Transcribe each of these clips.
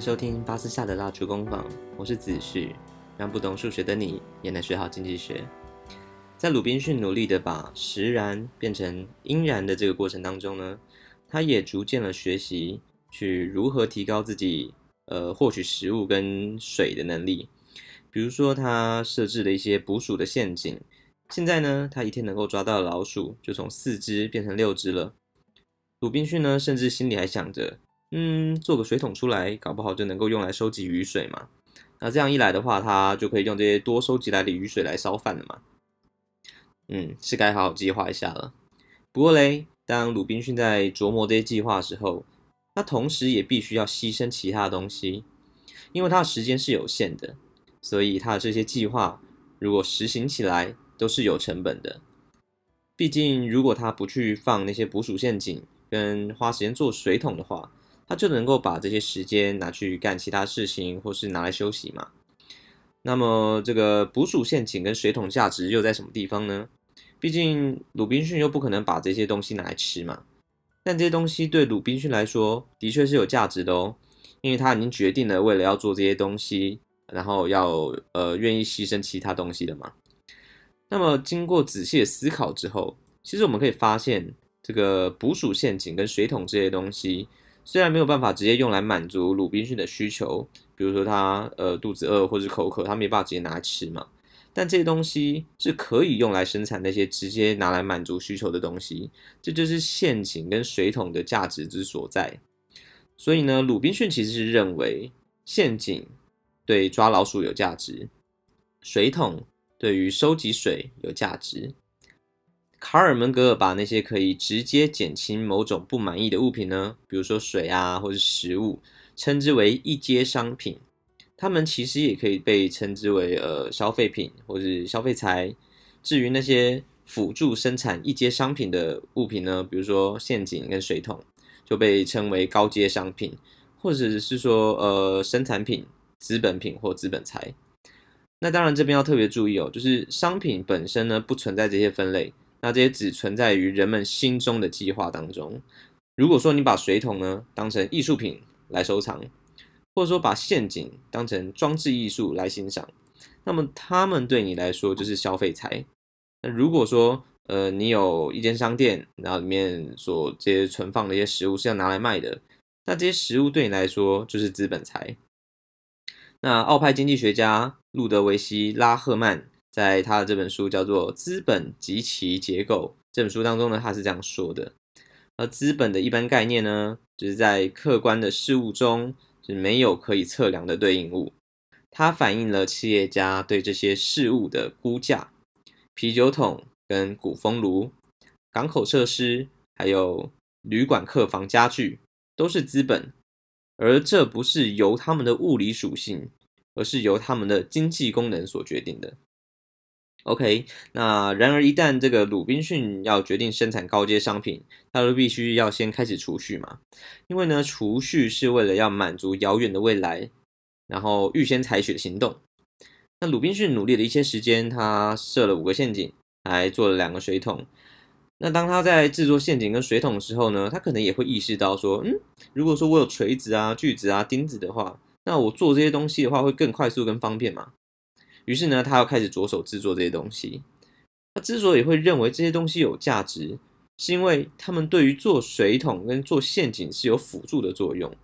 收聽巴斯夏的蠟燭工坊，我是子旭，讓不懂數學的你也能學好經濟學。在魯濱遜努力的把實然變成應然的這個過程當中呢，他也逐漸了學習去如何提高自己呃獲取食物跟水的能力。比如說，他設置了一些捕鼠的陷阱。現在呢，他一天能夠抓到老鼠就從四隻變成六隻了。魯濱遜呢，甚至心裡還想着。嗯，做個水桶出來，搞不好就能夠用來收集雨水嘛。那這樣一來的話，他就可以用這些多收集來的雨水來燒飯了嘛。嗯，是該好好計劃一下了。不過嘞，當魯濱遜在琢磨這些計劃的時候，他同時也必須要犧牲其他東西，因為他的時間是有限的，所以他的這些計劃如果實行起來都是有成本的。畢竟，如果他不去放那些捕鼠陷阱跟花時間做水桶的話，他就能夠把這些時間拿去幹其他事情，或是拿來休息嘛。那麼這個捕鼠陷阱跟水桶價值又在什麼地方呢？畢竟魯濱遜又不可能把這些東西拿來吃嘛。但這些東西對魯濱遜來說的確是有價值的哦，因為他已經決定了為了要做這些東西，然後要，呃，願意犧牲其他東西的嘛。那麼經過仔細的思考之後，其實我們可以發現這個捕鼠陷阱跟水桶這些東西。雖然沒有辦法直接用來滿足魯濱遜的需求，比如說他呃肚子餓或者是口渴，他沒辦法直接拿來吃嘛。但這些東西是可以用來生產那些直接拿來滿足需求的東西，這就是陷阱跟水桶的價值之所在。所以呢，魯濱遜其實是認為陷阱對抓老鼠有價值，水桶對於收集水有價值。卡爾門格爾把那些可以直接減輕某種不滿意的物品呢，比如說水啊，或是食物，稱之為一階商品。他們其實也可以被稱之為呃消費品或是消費財。至於那些輔助生產一階商品的物品呢，比如說陷阱跟水桶，就被稱為高階商品，或者是說呃生產品、資本品或資本財。那當然這邊要特別注意哦，就是商品本身呢不存在這些分類。那這些只存在於人們心中的計劃當中。如果說你把水桶呢當成藝術品來收藏，或者說把陷阱當成裝置藝術來欣賞，那麼他們對你來說就是消費財。那如果說呃你有一間商店，然後裡面所這些存放的一些食物是要拿來賣的，那這些食物對你來說就是資本財。那奧派經濟學家路德維希·拉赫曼，在他的這本書叫做《資本及其結構》這本書當中呢，他是這樣說的：而資本的一般概念呢，就是在客觀的事物中是沒有可以測量的對應物，它反映了企業家對這些事物的估價。啤酒桶跟鼓風爐、港口設施，還有旅館客房家具，都是資本，而這不是由他們的物理屬性，而是由他們的經濟功能所決定的。OK，那然而一旦這個魯濱遜要決定生產高階商品，他就必須要先開始儲蓄嘛，因為呢，儲蓄是為了要滿足遙遠的未來，然後預先採取的行動。那魯濱遜努力了一些時間，他設了五個陷阱，還做了兩個水桶。那當他在制作陷阱跟水桶的時候呢，他可能也會意識到說，嗯，如果說我有錘子啊、鋸子啊、釘子的話，那我做這些東西的話會更快速跟方便嘛。於是呢，他要開始着手制作這些東西。他之所以會認為這些東西有價值，是因為他們對於做水桶跟做陷阱是有輔助的作用。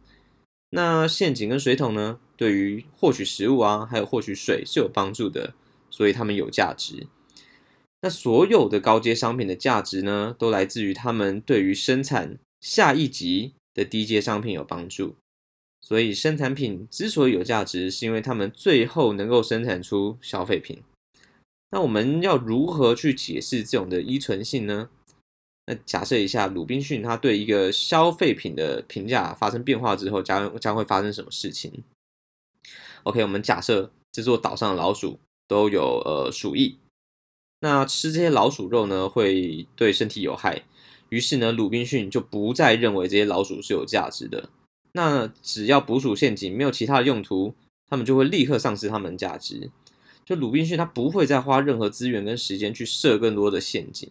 那陷阱跟水桶呢，對於獲取食物啊，還有獲取水是有幫助的，所以他們有價值。那所有的高階商品的價值呢，都來自於他們對於生產下一級的低階商品有幫助。所以，生產品之所以有價值，是因為他們最後能夠生產出消費品。那我們要如何去解釋這種的依存性呢？那假設一下，魯濱遜他對一個消費品的評價發生變化之後，將將會發生什麼事情？OK，我們假設這座島上的老鼠都有呃鼠疫，那吃這些老鼠肉呢，會對身體有害，於是呢，魯濱遜就不再認為這些老鼠是有價值的。那只要捕鼠陷阱沒有其他的用途，他們就會立刻喪失他們的價值。就魯濱遜他不會再花任何資源跟時間去設更多的陷阱。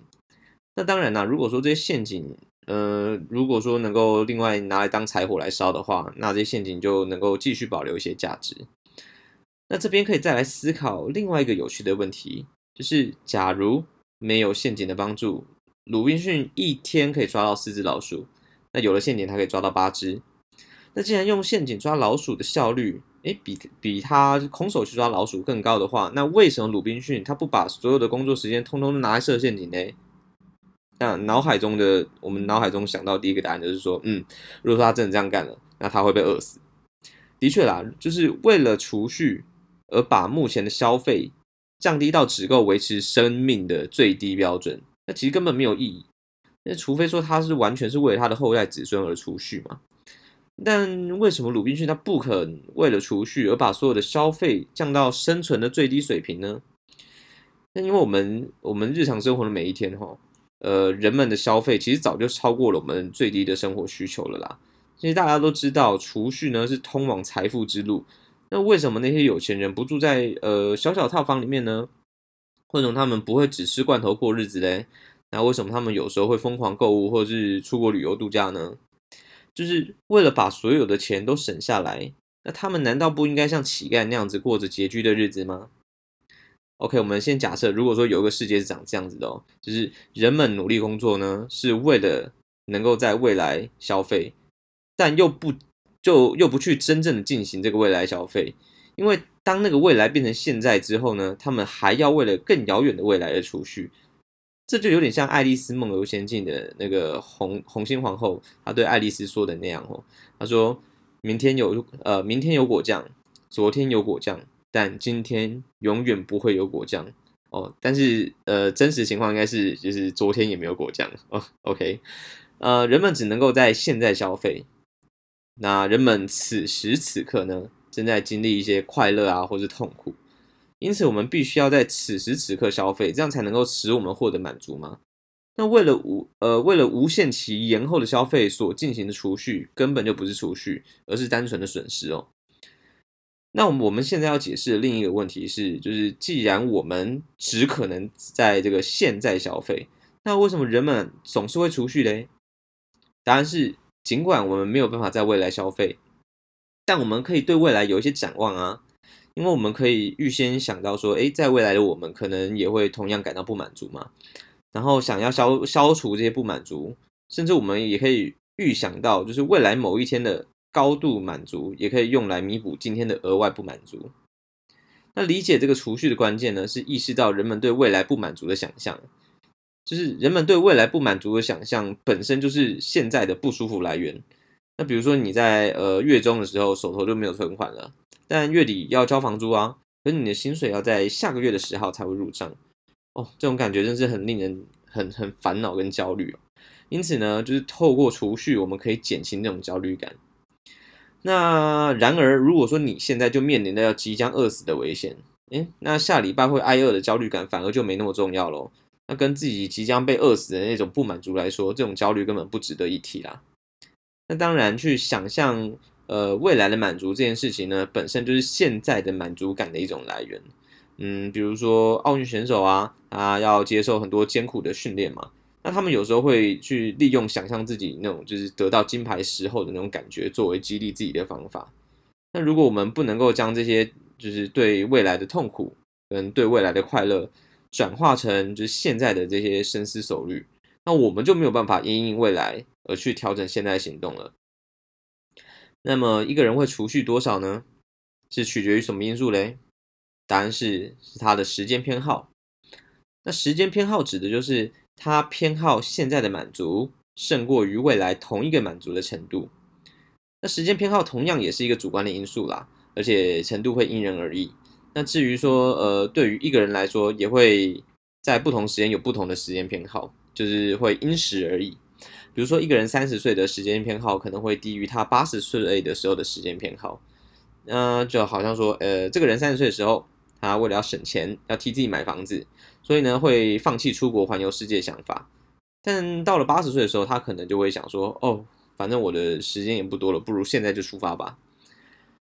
那當然啦，啊，如果說這些陷阱，呃，如果說能夠另外拿來當柴火來燒的話，那這些陷阱就能夠繼續保留一些價值。那這邊可以再來思考另外一個有趣的問題，就是假如沒有陷阱的幫助，魯濱遜一天可以抓到四隻老鼠，那有了陷阱，他可以抓到八隻。那既然用陷阱抓老鼠的效率，哎，比比他空手去抓老鼠更高的話，那為什麼魯濱遜他不把所有的工作時間通通拿來設陷阱呢？那腦海中的我們腦海中想到第一個答案就是說，嗯，如果說他真的這樣幹了，那他會被餓死。的確啦，就是為了儲蓄而把目前的消費降低到只夠維持生命的最低標準，那其實根本沒有意義。那除非說他是完全是為了他的後代子孫而儲蓄嘛。但為什麼魯濱遜他不肯為了儲蓄而把所有的消費降到生存的最低水平呢？那因為我們我們日常生活的每一天哈，呃，人們的消費其實早就超過了我們最低的生活需求了啦。其實大家都知道，儲蓄呢是通往財富之路。那為什麼那些有錢人不住在呃小小套房裡面呢？為什麼他們不會只吃罐頭過日子嘞？那為什麼他們有時候會瘋狂購物，或是出國旅遊度假呢？就是為了把所有的錢都省下來，那他們難道不應該像乞丐那樣子過着拮據的日子嗎？OK，我們先假設，如果說有一個世界是長這樣子的哦，就是人們努力工作呢，是為了能夠在未來消費，但又不就又不去真正的進行這個未來消費，因為當那個未來變成現在之後呢，他們還要為了更遙遠的未來而儲蓄。這就有點像《愛麗絲夢遊仙境》的那個紅紅心皇後，她對愛麗絲說的那樣哦。她說明天有呃，明天有果醬，昨天有果醬，但今天永遠不會有果醬哦。但是呃，真實情況應該是就是昨天也沒有果醬哦。OK，呃，人們只能夠在現在消費。那人們此時此刻呢，正在經歷一些快樂啊，或是痛苦。因此，我們必須要在此時此刻消費，這樣才能夠使我們獲得滿足嗎。那為了無呃，為了無限期延後的消費所進行的儲蓄，根本就不是儲蓄，而是單純的損失哦。那我們現在要解釋的另一個問題是，就是既然我們只可能在這個現在消費，那為什麼人們總是會儲蓄嘞？答案是，儘管我們沒有辦法在未來消費，但我們可以對未來有一些展望啊。因為我們可以預先想到說，誒，在未來的我們可能也會同樣感到不滿足嘛，然後想要消消除這些不滿足，甚至我們也可以預想到，就是未來某一天的高度滿足，也可以用來彌補今天的額外不滿足。那理解這個儲蓄的關鍵呢，是意識到人們對未來不滿足的想象，就是人們對未來不滿足的想象本身就是現在的不舒服來源。那比如說你在呃月中的時候手頭就沒有存款了，但月底要交房租啊，可是你的薪水要在下個月的十號才會入賬哦，這種感覺真是很令人很很煩惱跟焦慮。因此呢，就是透過儲蓄，我們可以減輕這種焦慮感。那然而，如果說你現在就面臨着要即將餓死的危險，誒，那下禮拜會挨餓的焦慮感反而就沒那麼重要嘍。那跟自己即將被餓死的那種不滿足來說，這種焦慮根本不值得一提啦。那當然，去想象呃未來的滿足這件事情呢，本身就是現在的滿足感的一種來源。嗯，比如說奧運選手啊啊，要接受很多艱苦的訓練嘛，那他們有時候會去利用想象自己那種就是得到金牌時候的那種感覺，作為激勵自己的方法。那如果我們不能夠將這些就是對未來的痛苦跟對未來的快樂轉化成就是現在的這些深思熟慮。那我們就沒有辦法因應未來而去調整現在的行動了。那麼一個人會儲蓄多少呢？是取決於什麼因素嘞？答案是是他的時間偏好。那時間偏好指的就是他偏好現在的滿足勝過於未來同一個滿足的程度。那時間偏好同樣也是一個主觀的因素啦，而且程度會因人而異。那至於說呃，對於一個人來說，也會在不同時間有不同的時間偏好。就是會因時而異，比如說一個人三十歲的時間偏好可能會低於他八十歲的時候的時間偏好，那就好像說，呃，這個人三十歲的時候，他為了要省錢，要替自己買房子，所以呢，會放棄出國環遊世界想法，但到了八十歲的時候，他可能就會想說，哦，反正我的時間也不多了，不如現在就出發吧。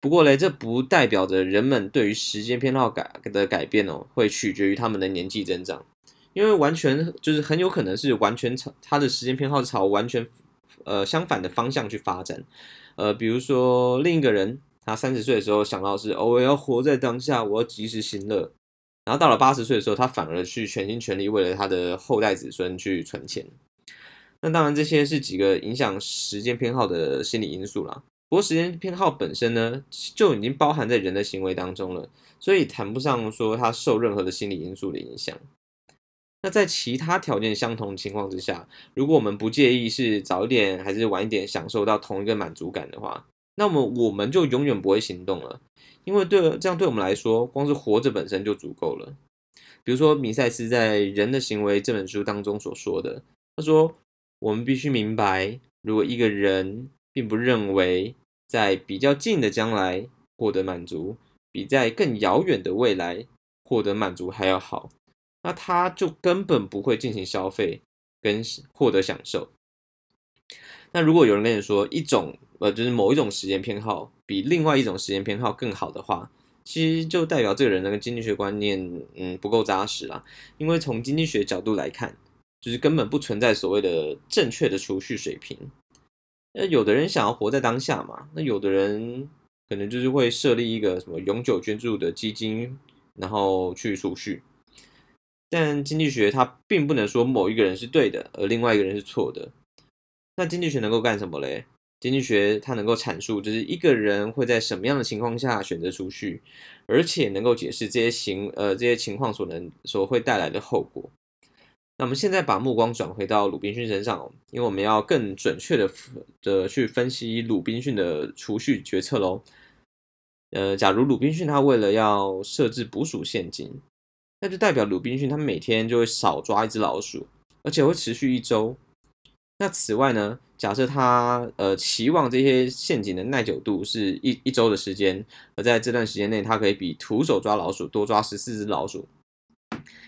不過嘞，這不代表着人們對於時間偏好改的改變哦，會取決於他們的年紀增長。因為完全就是很有可能是完全朝他的時間偏好朝完全呃相反的方向去發展，呃，比如說另一個人，他三十歲的時候想到是哦，我要活在當下，我要及時行樂，然後到了八十歲的時候，他反而去全心全力為了他的後代子孫去存錢。那當然，這些是幾個影響時間偏好的心理因素啦。不過，時間偏好本身呢，就已經包含在人的行為當中了，所以談不上說他受任何的心理因素的影響。那在其他條件相同的情況之下，如果我們不介意是早一點還是晚一點享受到同一個滿足感的話，那麼我們就永遠不會行動了，因為對，這樣對我們來說，光是活着本身就足夠了。比如說，米塞斯在《人的行為》這本書當中所說的，他說：“我們必須明白，如果一個人並不認為在比較近的將來獲得滿足，比在更遙遠的未來獲得滿足還要好。”那他就根本不會進行消費跟獲得享受。那如果有人跟你說一種呃，就是某一種時間偏好比另外一種時間偏好更好的話，其實就代表這個人那個經濟學觀念嗯不夠紮實啦。因為從經濟學角度來看，就是根本不存在所謂的正確的儲蓄水平。那有的人想要活在當下嘛，那有的人可能就是會設立一個什麼永久捐助的基金，然後去儲蓄。但經濟學它並不能說某一個人是對的，而另外一個人是錯的。那經濟學能夠幹什麼嘞？經濟學它能夠闡述，就是一個人會在什麼樣的情況下選擇儲蓄，而且能夠解釋這些情，呃，這些情況所能，所會帶來的後果。那我們現在把目光轉回到魯濱遜身上哦，因為我們要更準確的的，呃，去分析魯濱遜的儲蓄決策嘍。呃，假如魯濱遜他為了要設置捕鼠陷阱。那就代表魯濱遜他每天就會少抓一隻老鼠，而且會持續一周。那此外呢，假設他呃期望這些陷阱的耐久度是一一周的時間，而在這段時間內，他可以比徒手抓老鼠多抓十四隻老鼠。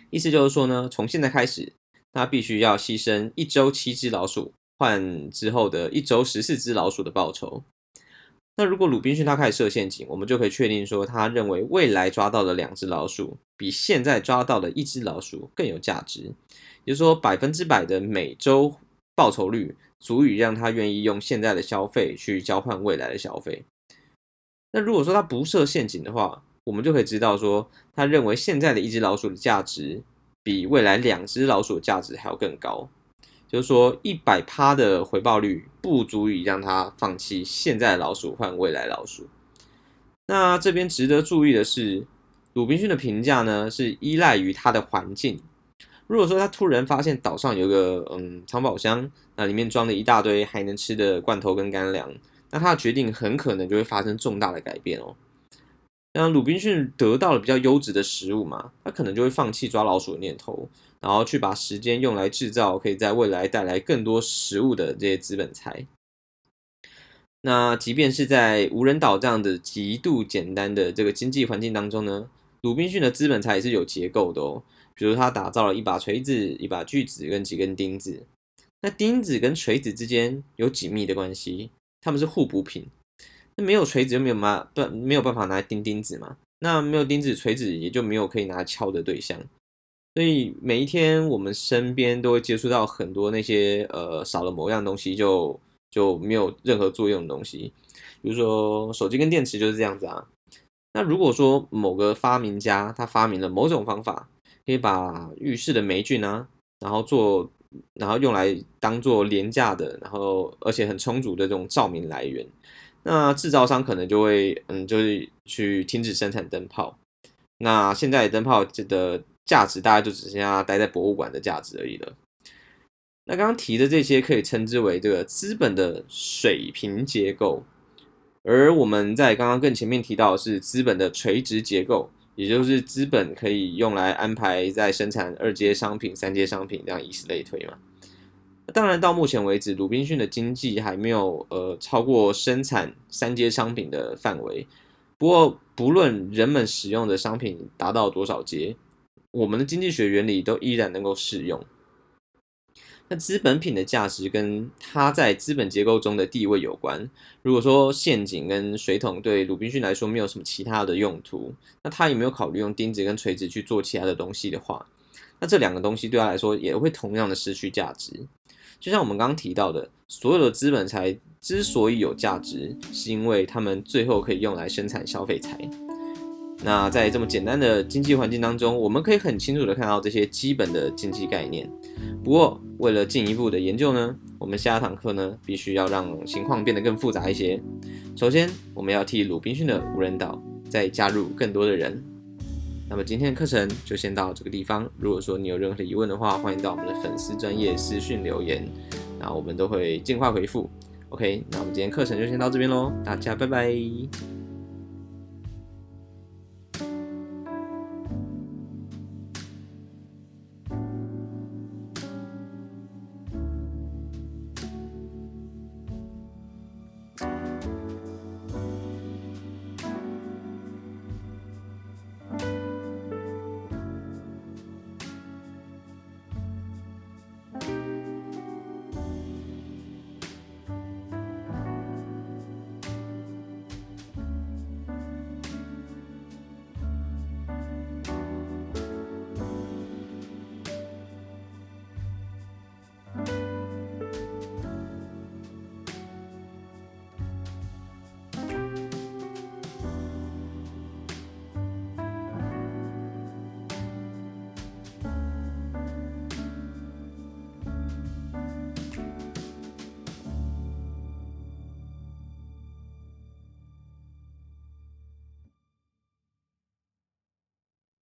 意思就是說呢，從現在開始，他必須要犧牲一周七隻老鼠，換之後的一周十四隻老鼠的報酬。那如果魯濱遜他開始設陷阱，我們就可以確定說，他認為未來抓到的兩隻老鼠比現在抓到的一隻老鼠更有價值，也就是說百分之百的每週報酬率足以讓他願意用現在的消費去交換未來的消費。那如果說他不設陷阱的話，我們就可以知道說，他認為現在的一隻老鼠的價值比未來兩隻老鼠的價值還要更高。就是說100，一百趴的回報率不足以讓他放棄「現在老鼠換未來老鼠。那這邊值得注意的是，魯濱遜的評價呢是依賴於他的環境。如果說他突然發現島上有個嗯藏寶箱，那裡面裝了一大堆還能吃的罐頭跟乾糧，那他的決定很可能就會發生重大的改變哦。那魯濱遜得到了比較優質的食物嘛，他可能就會放棄抓老鼠的念頭。然後去把時間用來製造可以在未來帶來更多食物的這些資本財。那即便是在無人島這樣的極度簡單的這個經濟環境當中呢，魯濱遜的資本財也是有結構的哦。比如他打造了一把錘子、一把鋸子跟幾根釘子。那釘子跟錘子之間有緊密的關係，他們是互補品。那沒有錘子就沒有拿沒有辦法拿釘釘子嘛。那沒有釘子，錘子也就沒有可以拿來敲的對象。所以每一天，我們身邊都會接觸到很多那些呃少了某樣東西就就沒有任何作用的東西，比如說手機跟電池就是這樣子啊。那如果說某個發明家他發明了某種方法，可以把浴室的黴菌啊，然後做然後用來當做廉價的，然後而且很充足的這種照明來源，那制造商可能就會嗯就是去停止生產燈泡。那現在的燈泡記得。價值大概就只剩下待在博物館的價值而已了。那剛剛提的這些可以稱之為這個資本的水平結構，而我們在剛剛更前面提到的是資本的垂直結構，也就是資本可以用來安排在生產二階商品、三階商品，這樣以此類推嘛。當然，到目前為止，魯濱遜的經濟還沒有呃超過生產三階商品的範圍。不過，不論人們使用的商品達到多少階，我們的經濟學原理都依然能夠適用。那資本品的價值跟它在資本結構中的地位有關。如果說陷阱跟水桶對魯濱遜來說沒有什麼其他的用途，那他有沒有考慮用釘子跟錘子去做其他的東西的話，那這兩個東西對他來說也會同樣的失去價值。就像我們剛剛提到的，所有的資本財之所以有價值，是因為他們最後可以用來生產消費財。那在這麼簡單的經濟環境當中，我們可以很清楚地看到這些基本的經濟概念。不過，為了進一步的研究呢，我們下一堂課呢，必須要讓情況變得更複雜一些。首先，我們要替魯濱遜的無人島再加入更多的人。那麼，今天的課程就先到這個地方。如果說你有任何疑問的話，歡迎到我們的粉絲專頁私訊留言，那我們都會盡快回復。OK，那我們今天課程就先到這邊嘍，大家拜拜。